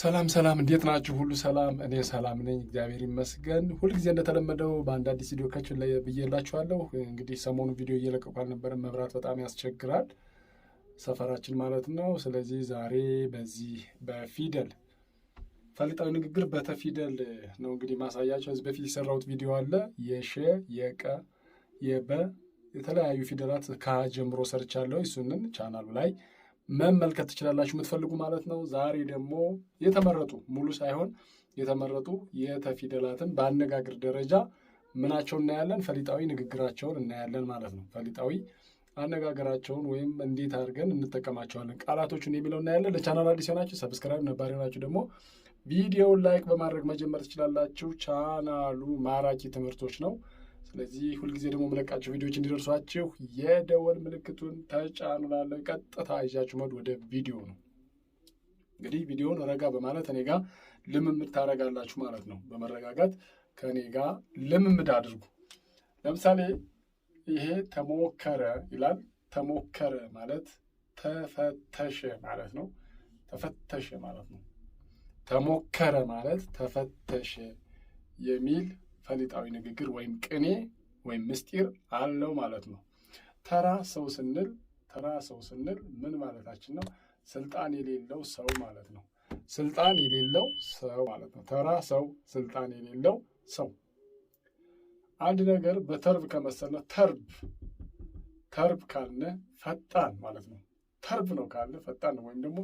ሰላም ሰላም፣ እንዴት ናችሁ? ሁሉ ሰላም? እኔ ሰላም ነኝ፣ እግዚአብሔር ይመስገን። ሁልጊዜ እንደተለመደው በአንድ አዲስ ቪዲዮ ላይ ብዬላችኋለሁ። እንግዲህ ሰሞኑ ቪዲዮ እየለቀቁ አልነበረም፣ መብራት በጣም ያስቸግራል ሰፈራችን ማለት ነው። ስለዚህ ዛሬ በዚህ በፊደል ፈሊጣዊ ንግግር በተፊደል ነው እንግዲህ ማሳያቸው። እዚህ በፊት የሰራሁት ቪዲዮ አለ የሸ የቀ የበ የተለያዩ ፊደላት ከ ጀምሮ ሰርቻለሁ። እሱንን ቻናሉ ላይ መመልከት ትችላላችሁ የምትፈልጉ ማለት ነው። ዛሬ ደግሞ የተመረጡ ሙሉ ሳይሆን የተመረጡ የተፊደላትን በአነጋገር ደረጃ ምናቸውን እናያለን፣ ፈሊጣዊ ንግግራቸውን እናያለን ማለት ነው። ፈሊጣዊ አነጋገራቸውን ወይም እንዴት አድርገን እንጠቀማቸዋለን ቃላቶቹን የሚለው እናያለን። ለቻናል አዲስ የሆናችሁ ሰብስክራይብ፣ ነባር የሆናችሁ ደግሞ ቪዲዮውን ላይክ በማድረግ መጀመር ትችላላችሁ። ቻናሉ ማራኪ ትምህርቶች ነው ስለዚህ ሁልጊዜ ደግሞ መለቃቸው ቪዲዮዎች እንዲደርሷችሁ የደወል ምልክቱን ተጫኑላለ ቀጥታ ይዣችሁ መድ ወደ ቪዲዮ ነው። እንግዲህ ቪዲዮውን ረጋ በማለት እኔ ጋር ልምምድ ታደርጋላችሁ ማለት ነው። በመረጋጋት ከእኔ ጋ ልምምድ አድርጉ። ለምሳሌ ይሄ ተሞከረ ይላል። ተሞከረ ማለት ተፈተሸ ማለት ነው። ተፈተሸ ማለት ነው። ተሞከረ ማለት ተፈተሸ የሚል ፈሊጣዊ ንግግር ወይም ቅኔ ወይም ምስጢር አለው ማለት ነው። ተራ ሰው ስንል ተራ ሰው ስንል ምን ማለታችን ነው? ስልጣን የሌለው ሰው ማለት ነው። ስልጣን የሌለው ሰው ማለት ነው። ተራ ሰው፣ ስልጣን የሌለው ሰው። አንድ ነገር በተርብ ከመሰልነው ተርብ ተርብ ካልነ ፈጣን ማለት ነው። ተርብ ነው ካለ ፈጣን ነው። ወይም ደግሞ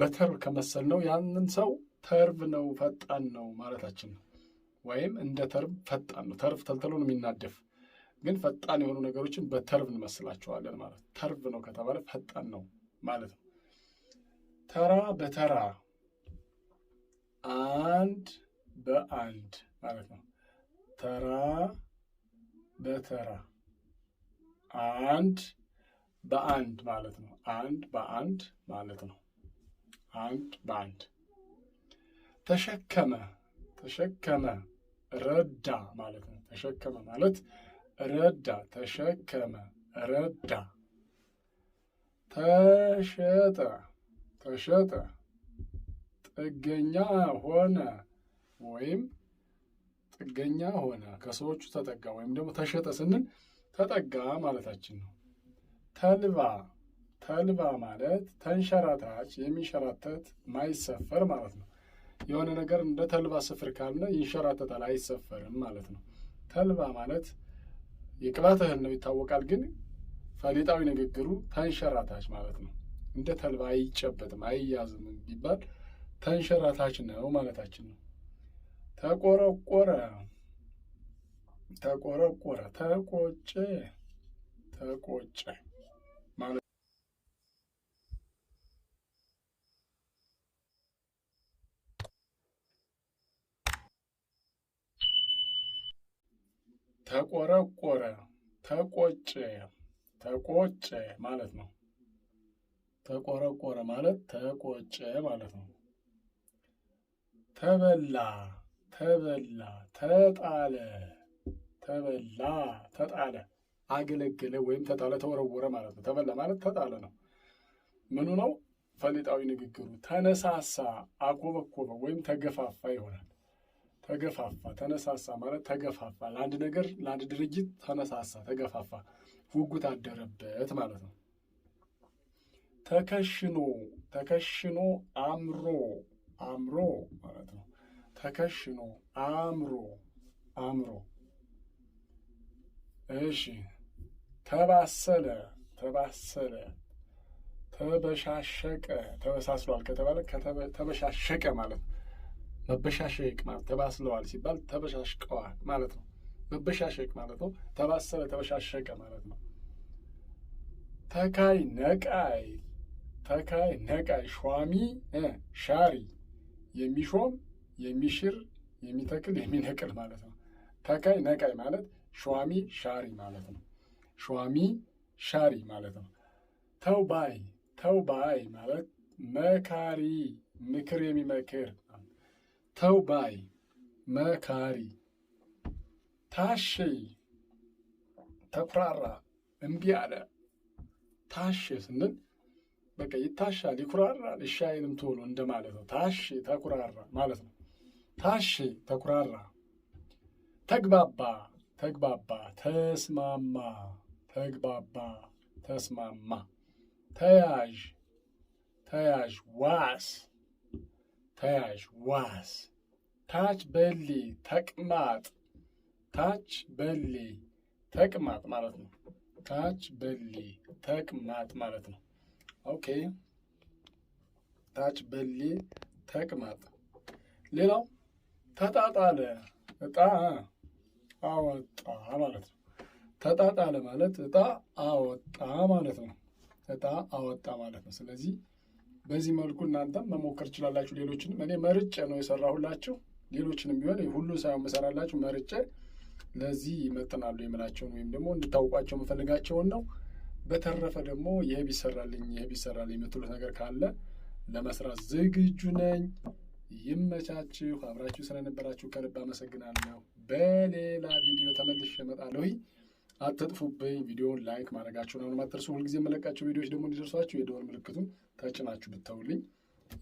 በተርብ ከመሰል ነው ያንን ሰው ተርብ ነው፣ ፈጣን ነው ማለታችን ነው። ወይም እንደ ተርብ ፈጣን ነው። ተርብ ተልተሎ ነው የሚናደፍ፣ ግን ፈጣን የሆኑ ነገሮችን በተርብ እንመስላቸዋለን ማለት ነው። ተርብ ነው ከተባለ ፈጣን ነው ማለት ነው። ተራ በተራ አንድ በአንድ ማለት ነው። ተራ በተራ አንድ በአንድ ማለት ነው። አንድ በአንድ ማለት ነው። አንድ በአንድ ተሸከመ ተሸከመ ረዳ ማለት ነው። ተሸከመ ማለት ረዳ፣ ተሸከመ፣ ረዳ። ተሸጠ፣ ተሸጠ፣ ጥገኛ ሆነ ወይም ጥገኛ ሆነ፣ ከሰዎቹ ተጠጋ ወይም ደግሞ ተሸጠ ስንል ተጠጋ ማለታችን ነው። ተልባ ተልባ ማለት ተንሸራታች፣ የሚንሸራተት ማይሰፈር ማለት ነው። የሆነ ነገር እንደ ተልባ ስፍር ካልነ ይንሸራተታል፣ አይሰፈርም ማለት ነው። ተልባ ማለት የቅባት እህል ነው ይታወቃል። ግን ፈሊጣዊ ንግግሩ ተንሸራታች ማለት ነው። እንደ ተልባ አይጨበጥም፣ አይያዝም ቢባል ተንሸራታች ነው ማለታችን ነው። ተቆረቆረ፣ ተቆረቆረ፣ ተቆጨ፣ ተቆጨ ማለት ተቆረቆረ፣ ተቆጨ፣ ተቆጨ ማለት ነው። ተቆረቆረ ማለት ተቆጨ ማለት ነው። ተበላ፣ ተበላ፣ ተጣለ፣ ተበላ፣ ተጣለ፣ አገለገለ ወይም ተጣለ፣ ተወረወረ ማለት ነው። ተበላ ማለት ተጣለ ነው። ምኑ ነው? ፈሊጣዊ ንግግሩ ተነሳሳ፣ አኮበኮበ ወይም ተገፋፋ ይሆናል። ተገፋፋ ተነሳሳ ማለት ተገፋፋ፣ ለአንድ ነገር ለአንድ ድርጅት ተነሳሳ፣ ተገፋፋ፣ ጉጉት አደረበት ማለት ነው። ተከሽኖ ተከሽኖ አምሮ አምሮ ማለት ነው። ተከሽኖ አምሮ አምሮ። እሺ ተባሰለ ተባሰለ ተበሻሸቀ ተበሳስሏል ከተባለ ተበሻሸቀ ማለት ነው። መበሻሸቅ ማለት ተባስለዋል ሲባል ተበሻሽቀዋል ማለት ነው። መበሻሸቅ ማለት ነው። ተባሰለ ተበሻሸቀ ማለት ነው። ተካይ ነቃይ ተካይ ነቃይ ሿሚ ሻሪ የሚሾም የሚሽር የሚተክል የሚነቅል ማለት ነው። ተካይ ነቃይ ማለት ሿሚ ሻሪ ማለት ነው። ሿሚ ሻሪ ማለት ነው። ተውባይ ተውባይ ማለት መካሪ ምክር የሚመክር ተውባይ መካሪ ታሼ ተኩራራ እምቢ አለ። ታሼ ስንል በቃ ይታሻል፣ ይኩራራል፣ ይሻይንም ቶሎ እንደማለት ነው። ታሼ ተኩራራ ማለት ነው። ታሼ ተኩራራ። ተግባባ ተግባባ ተስማማ ተግባባ ተስማማ ተያዥ ተያዥ ዋስ ተያዥ ዋስ ታች በሊ ተቅማጥ ታች በሊ ተቅማጥ ማለት ነው። ታች በሊ ተቅማጥ ማለት ነው። ኦኬ ታች በሊ ተቅማጥ። ሌላው ተጣጣለ እጣ አወጣ ማለት ነው። ተጣጣለ ማለት እጣ አወጣ ማለት ነው። እጣ አወጣ ማለት ነው። ስለዚህ በዚህ መልኩ እናንተም መሞከር ትችላላችሁ። ሌሎችንም እኔ መርጬ ነው የሰራሁላችሁ። ሌሎችንም ቢሆን ሁሉ ሳይሆን መሰራላችሁ መርጬ ለዚህ ይመጥናሉ የምላቸውን ወይም ደግሞ እንድታውቋቸው የምፈልጋቸውን ነው። በተረፈ ደግሞ ይሄ ቢሰራልኝ ይሄ ቢሰራልኝ የምትሉት ነገር ካለ ለመስራት ዝግጁ ነኝ። ይመቻችሁ። አብራችሁ ስለነበራችሁ ከልብ አመሰግናለሁ። በሌላ ቪዲዮ ተመልሼ እመጣለሁ። አትጥፉብኝ። ቪዲዮን ላይክ ማድረጋችሁን ነው አትርሱ። ሁልጊዜ የመለቃቸው ቪዲዮዎች ደግሞ እንዲደርሷችሁ የደወል ምልክቱን ተጭናችሁ ብተውልኝ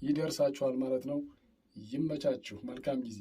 ይደርሳችኋል ማለት ነው። ይመቻችሁ። መልካም ጊዜ